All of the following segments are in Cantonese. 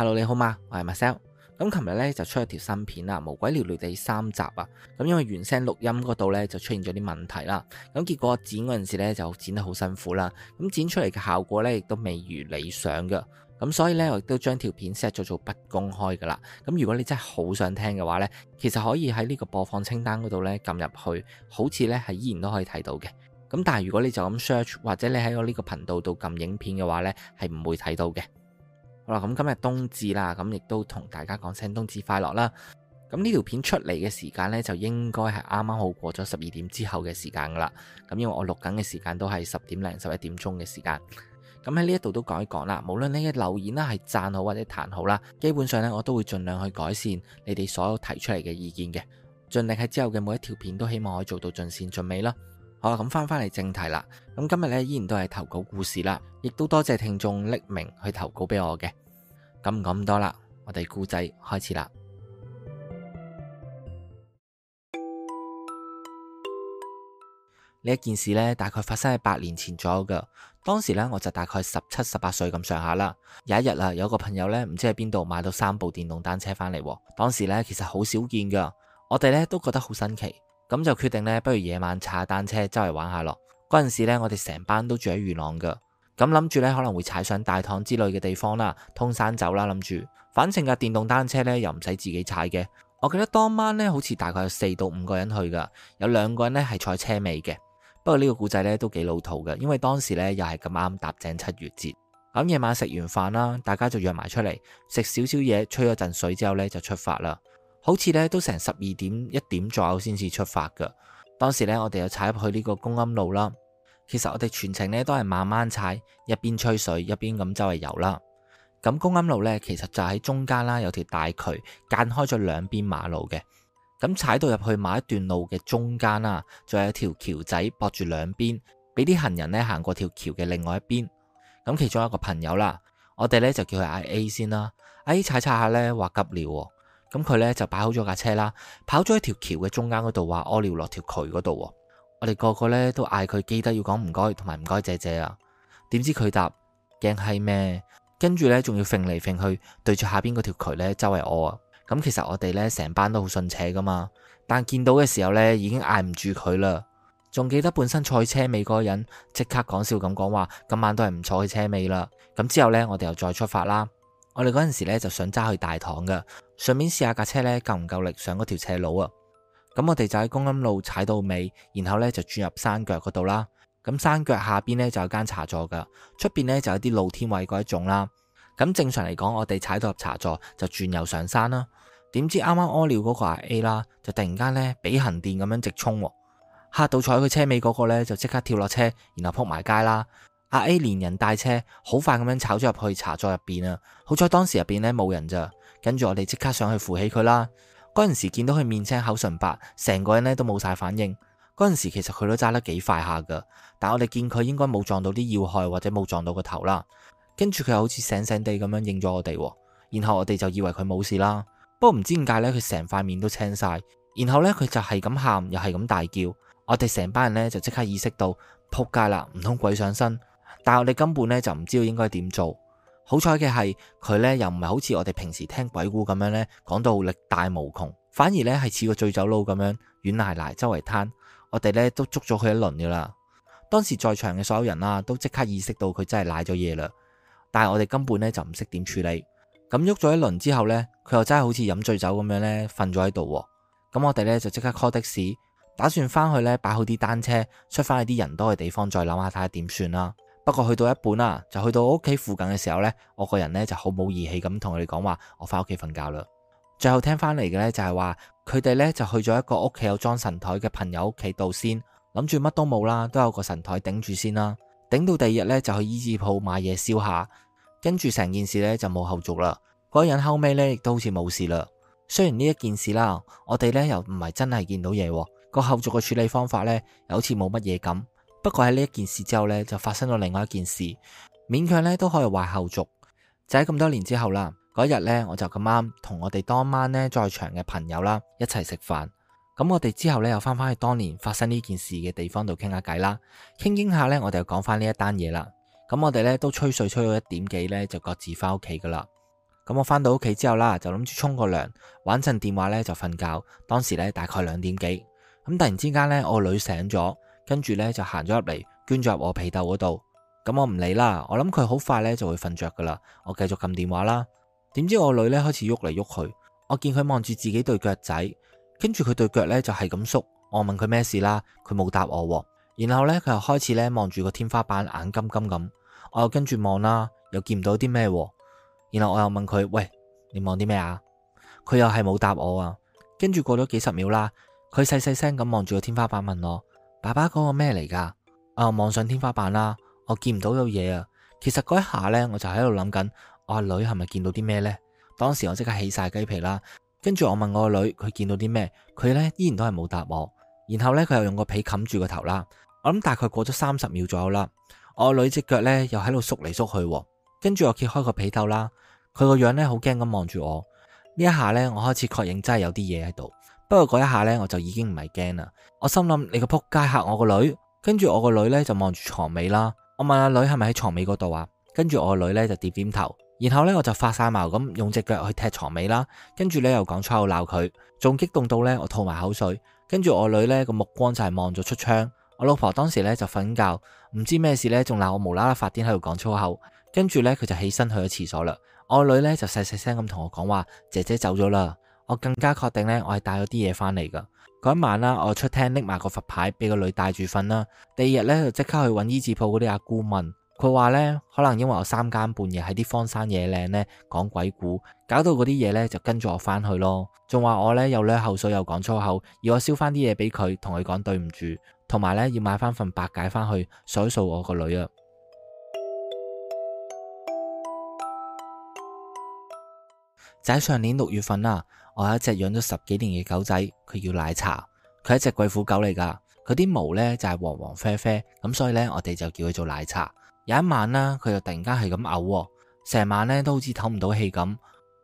Hello，你好嗎？我係 Marcel。咁琴日咧就出咗條新片啦，《無鬼聊聊》第三集啊。咁因為原聲錄音嗰度咧就出現咗啲問題啦，咁結果剪嗰陣時咧就剪得好辛苦啦。咁剪出嚟嘅效果咧亦都未如理想嘅，咁所以咧我亦都將條片 set 咗做不公開噶啦。咁如果你真係好想聽嘅話咧，其實可以喺呢個播放清單嗰度咧撳入去，好似咧係依然都可以睇到嘅。咁但係如果你就咁 search 或者你喺我呢個頻道度撳影片嘅話咧，係唔會睇到嘅。好啦，咁今日冬至啦，咁亦都同大家講聲冬至快樂啦。咁呢條片出嚟嘅時間呢，就應該係啱啱好過咗十二點之後嘅時間噶啦。咁因為我錄緊嘅時間都係十點零十一點鐘嘅時間。咁喺呢一度都講一講啦。無論你嘅留言啦，係讚好或者彈好啦，基本上呢，我都會盡量去改善你哋所有提出嚟嘅意見嘅，盡力喺之後嘅每一條片都希望可以做到盡善盡美啦。好啦，咁翻返嚟正題啦。咁今日呢，依然都係投稿故事啦，亦都多謝聽眾匿名去投稿俾我嘅。咁唔講咁多啦，我哋故仔開始啦。呢一件事呢，大概發生喺八年前左右噶。當時呢，我就大概十七十八歲咁上下啦。有一日啦，有一個朋友呢，唔知喺邊度買到三部電動單車翻嚟。當時呢，其實好少見噶，我哋呢，都覺得好新奇。咁就決定咧，不如夜晚踩下單車周圍玩下咯。嗰陣時咧，我哋成班都住喺元朗噶，咁諗住咧可能會踩上大棠之類嘅地方啦，通山走啦。諗住，反正架電動單車咧又唔使自己踩嘅。我記得當晚咧，好似大概有四到五個人去噶，有兩個人咧係坐車尾嘅。不過呢個故仔咧都幾老土嘅，因為當時咧又係咁啱搭正七月節。咁夜晚食完飯啦，大家就約埋出嚟食少少嘢，吹咗陣水之後咧就出發啦。好似咧都成十二點一點左右先至出發噶。當時咧我哋又踩入去呢個公庵路啦。其實我哋全程咧都係慢慢踩，一邊吹水一邊咁周圍遊啦。咁公庵路咧其實就喺中間啦，有條大渠間開咗兩邊馬路嘅。咁踩到入去某一段路嘅中間啦，仲有條橋仔駁住兩邊，俾啲行人咧行過條橋嘅另外一邊。咁其中一個朋友啦，我哋咧就叫佢阿 A 先啦。阿 A 踩踩下咧，話急尿喎。咁佢咧就擺好咗架車啦，跑咗喺條橋嘅中間嗰度，話屙尿落條渠嗰度。我哋個個咧都嗌佢記得要講唔該，同埋唔該姐姐啊。點知佢答驚係咩？跟住咧仲要揈嚟揈去，對住下邊嗰條渠咧周圍屙。咁其實我哋咧成班都好順扯噶嘛，但見到嘅時候咧已經嗌唔住佢啦。仲記得本身坐喺車尾嗰個人即刻講笑咁講話，今晚都係唔坐喺車尾啦。咁之後咧我哋又再出發啦。我哋嗰陣時咧就想揸去大堂嘅，順便試下架車咧夠唔夠力上嗰條斜路啊！咁我哋就喺公庵路踩到尾，然後咧就轉入山腳嗰度啦。咁山腳下邊咧就有間茶座噶，出邊咧就有啲露天位嗰一種啦。咁正常嚟講，我哋踩到入茶座就轉右上山啦。點知啱啱屙尿嗰個係 A 啦，就突然間咧俾行電咁樣直衝，嚇到坐喺佢車尾嗰、嗰個咧就即刻跳落車，然後扑埋街啦。阿 A 連人帶車好快咁樣炒咗入去茶座入邊啊！好彩當時入邊咧冇人咋，跟住我哋即刻上去扶起佢啦。嗰陣時見到佢面青口唇白，成個人咧都冇晒反應。嗰陣時其實佢都揸得幾快下噶，但我哋見佢應該冇撞到啲要害或者冇撞到個頭啦。跟住佢又好似醒醒地咁樣應咗我哋，然後我哋就以為佢冇事啦。不過唔知點解咧，佢成塊面都青晒，然後咧佢就係咁喊又係咁大叫，我哋成班人咧就即刻意識到扑街啦，唔通鬼上身！但係我哋根本咧就唔知道應該點做，好彩嘅係佢咧又唔係好似我哋平時聽鬼故咁樣咧，講到力大無窮，反而咧係似個醉酒佬咁樣軟挨挨周圍攤。我哋咧都捉咗佢一輪噶啦。當時在場嘅所有人啊都即刻意識到佢真係瀨咗嘢啦。但係我哋根本咧就唔識點處理，咁喐咗一輪之後咧，佢又真係好似飲醉酒咁樣咧瞓咗喺度。咁我哋咧就即刻 call 的士，打算翻去咧擺好啲單車，出翻去啲人多嘅地方，再諗下睇下點算啦。不過去到一半啦，就去到我屋企附近嘅時候呢，我個人呢就好冇義氣咁同佢哋講話，我返屋企瞓覺啦。最後聽返嚟嘅呢，就係話，佢哋呢就去咗一個屋企有裝神台嘅朋友屋企度先，諗住乜都冇啦，都有個神台頂住先啦。頂到第二日呢，就去衣紙舖買嘢燒下，跟住成件事呢，就冇後續啦。嗰人後尾呢，亦都好似冇事啦。雖然呢一件事啦，我哋呢又唔係真係見到嘢，個後續嘅處理方法呢，又好似冇乜嘢咁。不過喺呢一件事之後呢，就發生咗另外一件事，勉強呢都可以話後續。就喺咁多年之後啦，嗰日呢，我就咁啱同我哋當晚呢在場嘅朋友啦一齊食飯。咁我哋之後呢，又翻返去當年發生呢件事嘅地方度傾下偈啦，傾傾下呢，我哋就講翻呢一單嘢啦。咁我哋呢，都吹水吹到一點幾呢，就各自翻屋企噶啦。咁我翻到屋企之後啦，就諗住沖個涼，玩陣電話呢，就瞓覺。當時呢，大概兩點幾，咁突然之間呢，我女醒咗。跟住咧，就行咗入嚟，捐咗入我被竇嗰度。咁我唔理啦，我諗佢好快咧就會瞓着噶啦。我繼續撳電話啦。點知我女咧開始喐嚟喐去，我見佢望住自己對腳仔，跟住佢對腳咧就係咁縮。我問佢咩事啦，佢冇答我。然後咧佢又開始咧望住個天花板，眼金金咁。我又跟住望啦，又見唔到啲咩。然後我又問佢：喂，你望啲咩啊？佢又係冇答我啊。跟住過咗幾十秒啦，佢細細聲咁望住個天花板問我。爸爸嗰個咩嚟噶？啊、哦，望上天花板啦，我見唔到有嘢啊。其實嗰一下呢，我就喺度諗緊，阿女係咪見到啲咩呢？當時我即刻起晒雞皮啦，跟住我問我個女，佢見到啲咩？佢呢依然都係冇答我。然後呢，佢又用個被冚住個頭啦。我諗大概過咗三十秒左右啦，我女隻腳呢又喺度縮嚟縮去。跟住我揭開個被兜啦，佢個樣呢好驚咁望住我。呢一下呢，我開始確認真係有啲嘢喺度。不過嗰一下咧，我就已經唔係驚啦。我心諗你個扑街吓我個女，跟住我個女咧就望住床尾啦。我問阿女係咪喺床尾嗰度啊？跟住我個女咧就點點頭。然後咧我就發晒矛咁用隻腳去踢床尾啦。跟住咧又講粗口鬧佢，仲激動到咧我吐埋口水。跟住我女咧個目光就係望咗出窗。我老婆當時咧就瞓緊覺，唔知咩事咧仲鬧我無啦啦發癲喺度講粗口。跟住咧佢就起身去咗廁所啦。我個女咧就細細聲咁同我講話：姐姐走咗啦。我更加確定咧，我係帶咗啲嘢翻嚟噶。嗰一晚啦，我出廳拎埋個佛牌俾個女帶住瞓啦。第二日咧就即刻去揾醫治鋪嗰啲阿姑，問佢話咧，可能因為我三更半夜喺啲荒山野嶺咧講鬼故，搞到嗰啲嘢咧就跟住我翻去咯。仲話我咧又甩口水又講粗口，要我燒翻啲嘢俾佢，同佢講對唔住，同埋咧要買翻份白解翻去，洗數我個女啊！ 就喺上年六月份啊。我有一隻養咗十幾年嘅狗仔，佢叫奶茶，佢係一隻貴婦狗嚟噶。佢啲毛呢就係黃黃啡啡咁，所以呢，我哋就叫佢做奶茶。有一晚呢，佢就突然間係咁嘔，成晚呢都好似唞唔到氣咁。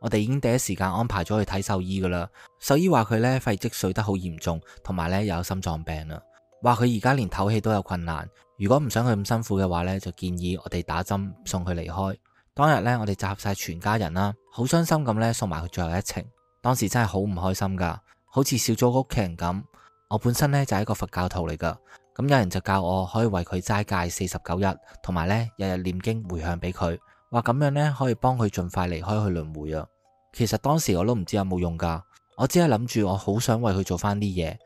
我哋已經第一時間安排咗去睇獸醫噶啦。獸醫話佢呢肺積水得好嚴重，同埋呢有心臟病啦，話佢而家連唞氣都有困難。如果唔想佢咁辛苦嘅話呢，就建議我哋打針送佢離開。當日呢，我哋集合晒全家人啦，好傷心咁呢，送埋佢最後一程。當時真係好唔開心噶，好似少咗個屋企人咁。我本身呢就係一個佛教徒嚟噶，咁有人就教我可以為佢齋戒四十九日，同埋呢日日念經回向俾佢，話咁樣呢可以幫佢盡快離開去輪迴啊。其實當時我都唔知有冇用噶，我只係諗住我好想為佢做翻啲嘢，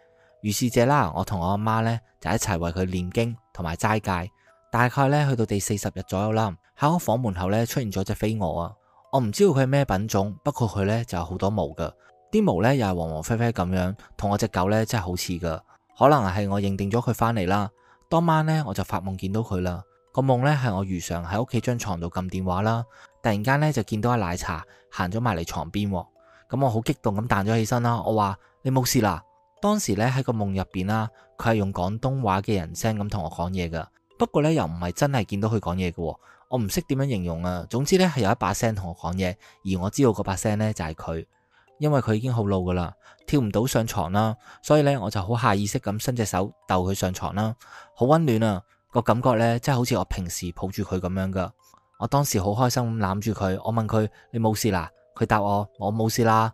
於是者啦，我同我阿媽呢就一齊為佢念經同埋齋戒。大概呢去到第四十日左右啦，喺我房門口呢出現咗隻飛蛾啊。我唔知道佢係咩品種，不過佢呢就有好多毛噶，啲毛呢又係黃黃啡啡咁樣，同我隻狗呢真係好似噶，可能係我認定咗佢翻嚟啦。當晚呢，我就發夢見到佢啦，個夢呢係我如常喺屋企張床度撳電話啦，突然間呢就見到阿奶茶行咗埋嚟床邊，咁我好激動咁彈咗起身啦，我話你冇事啦。當時呢，喺個夢入邊啦，佢係用廣東話嘅人聲咁同我講嘢噶，不過呢，又唔係真係見到佢講嘢噶。我唔識點樣形容啊，總之呢，係有一把聲同我講嘢，而我知道嗰把聲呢就係佢，因為佢已經好老噶啦，跳唔到上床啦，所以呢，我就好下意識咁伸隻手逗佢上床啦，好溫暖啊，個感覺呢，真係好似我平時抱住佢咁樣噶我當時好開心咁攬住佢，我問佢你冇事啦，佢答我我冇事啦，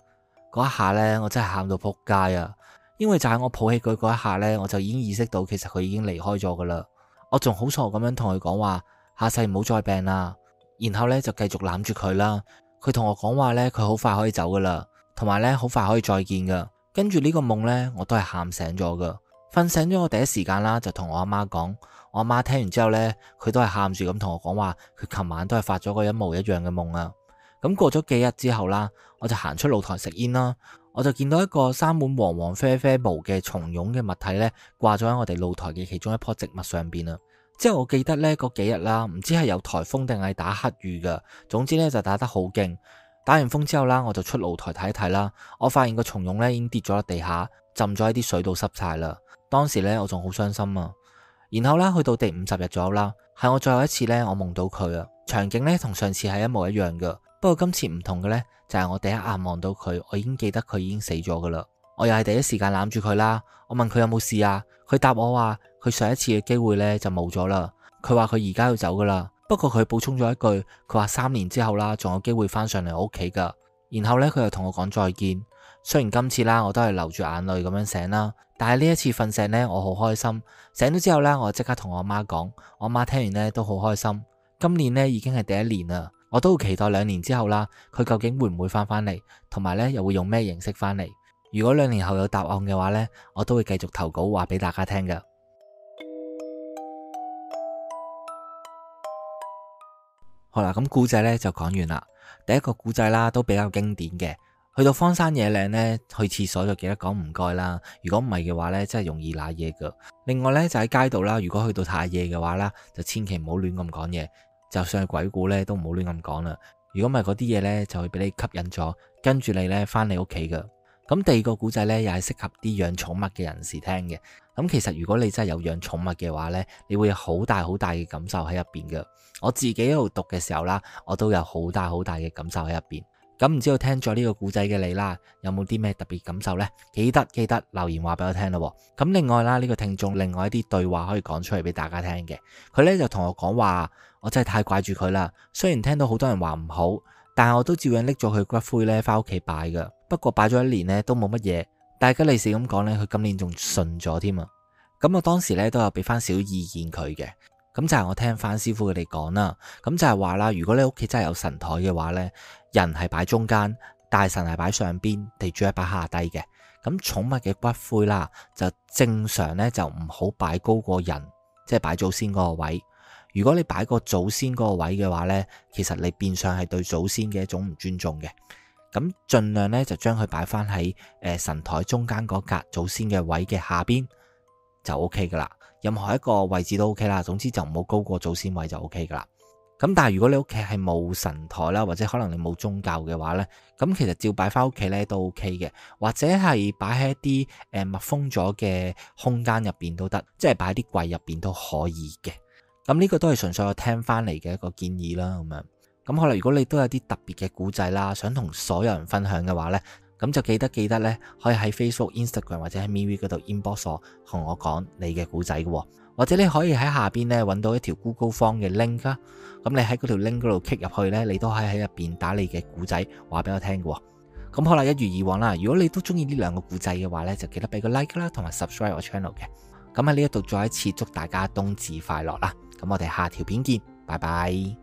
嗰一下呢，我真係喊到撲街啊，因為就係我抱起佢嗰一下呢，我就已經意識到其實佢已經離開咗噶啦，我仲好傻咁樣同佢講話。下世唔好再病啦，然後咧就繼續攬住佢啦。佢同我講話咧，佢好快可以走噶啦，同埋咧好快可以再見噶。跟住呢個夢咧，我都係喊醒咗噶。瞓醒咗，我第一時間啦就同我阿媽講，我阿媽聽完之後咧，佢都係喊住咁同我講話，佢琴晚都係發咗個一模一樣嘅夢啊。咁過咗幾日之後啦，我就行出露台食煙啦，我就見到一個生滿黃黃啡啡毛嘅蟲蛹嘅物體咧，掛咗喺我哋露台嘅其中一棵植物上邊啊。之後我記得呢嗰幾日啦，唔知係有台風定係打黑雨噶，總之呢，就打得好勁。打完風之後啦，我就出露台睇睇啦，我發現個蟲蛹呢已經跌咗落地下，浸咗喺啲水度濕晒啦。當時呢，我仲好傷心啊。然後啦，去到第五十日左右啦，係我最後一次呢，我夢到佢啊，場景呢同上次係一模一樣噶，不過今次唔同嘅呢，就係我第一眼望到佢，我已經記得佢已經死咗噶啦。我又係第一時間攬住佢啦。我問佢有冇事啊？佢答我話佢上一次嘅機會呢就冇咗啦。佢話佢而家要走噶啦，不過佢補充咗一句，佢話三年之後啦，仲有機會翻上嚟我屋企噶。然後呢，佢又同我講再見。雖然今次啦，我都係流住眼淚咁樣醒啦，但係呢一次瞓醒呢，我好開心。醒咗之後呢，我即刻同我媽講，我媽聽完呢都好開心。今年呢已經係第一年啦，我都會期待兩年之後啦，佢究竟會唔會翻返嚟，同埋呢又會用咩形式翻嚟？如果兩年後有答案嘅話呢我都會繼續投稿話俾大家聽嘅。好啦，咁故仔呢就講完啦。第一個故仔啦，都比較經典嘅。去到荒山野嶺呢，去廁所就記得講唔該啦。如果唔係嘅話呢，真係容易瀨嘢噶。另外呢，就喺街度啦，如果去到太夜嘅話呢，就千祈唔好亂咁講嘢。就算係鬼故呢，都唔好亂咁講啦。如果唔係嗰啲嘢呢，就會俾你吸引咗，跟住你呢翻你屋企噶。咁第二個故仔呢，又係適合啲養寵物嘅人士聽嘅。咁其實如果你真係有養寵物嘅話呢，你會有好大好大嘅感受喺入邊嘅。我自己喺度讀嘅時候啦，我都有好大好大嘅感受喺入邊。咁唔知道聽咗呢個故仔嘅你啦，有冇啲咩特別感受呢？記得記得留言話俾我聽咯。咁另外啦，呢、這個聽眾另外一啲對話可以講出嚟俾大家聽嘅。佢呢就同我講話，我真係太掛住佢啦。雖然聽到好多人話唔好，但係我都照樣拎咗佢骨灰呢翻屋企擺噶。不過擺咗一年咧，都冇乜嘢。大吉利是咁講咧，佢今年仲順咗添啊！咁我當時咧都有俾翻少意見佢嘅。咁就係我聽翻師傅佢哋講啦。咁就係話啦，如果你屋企真係有神台嘅話咧，人係擺中間，大神係擺上邊，地主係擺下低嘅。咁寵物嘅骨灰啦，就正常咧就唔好擺高過人，即係擺祖先嗰個位。如果你擺過祖先嗰個位嘅話咧，其實你變相係對祖先嘅一種唔尊重嘅。咁，盡量咧就將佢擺翻喺誒神台中間嗰格祖先嘅位嘅下邊就 O K 噶啦。任何一個位置都 O K 啦。總之就唔好高過祖先位就 O K 噶啦。咁但係如果你屋企係冇神台啦，或者可能你冇宗教嘅話咧，咁其實照擺翻屋企咧都 O K 嘅，或者係擺喺一啲誒密封咗嘅空間入邊都得，即係擺喺啲櫃入邊都可以嘅。咁呢個都係純粹我聽翻嚟嘅一個建議啦，咁樣。咁好啦，如果你都有啲特別嘅古仔啦，想同所有人分享嘅話呢，咁就記得記得呢，可以喺 Facebook、Instagram 或者喺 MeWe 嗰度 inbox 我，同我講你嘅古仔嘅喎。或者你可以喺下邊呢揾到一條 Google Form 嘅 link 啊，咁你喺嗰條 link 嗰度 click 入去呢，你都可以喺入邊打你嘅古仔話俾我聽嘅。咁好啦，一如以往啦，如果你都中意呢兩個古仔嘅話呢，就記得俾個 like 啦，同埋 subscribe 我 channel 嘅。咁喺呢一度再一次祝大家冬至快樂啦！咁我哋下條片見，拜拜。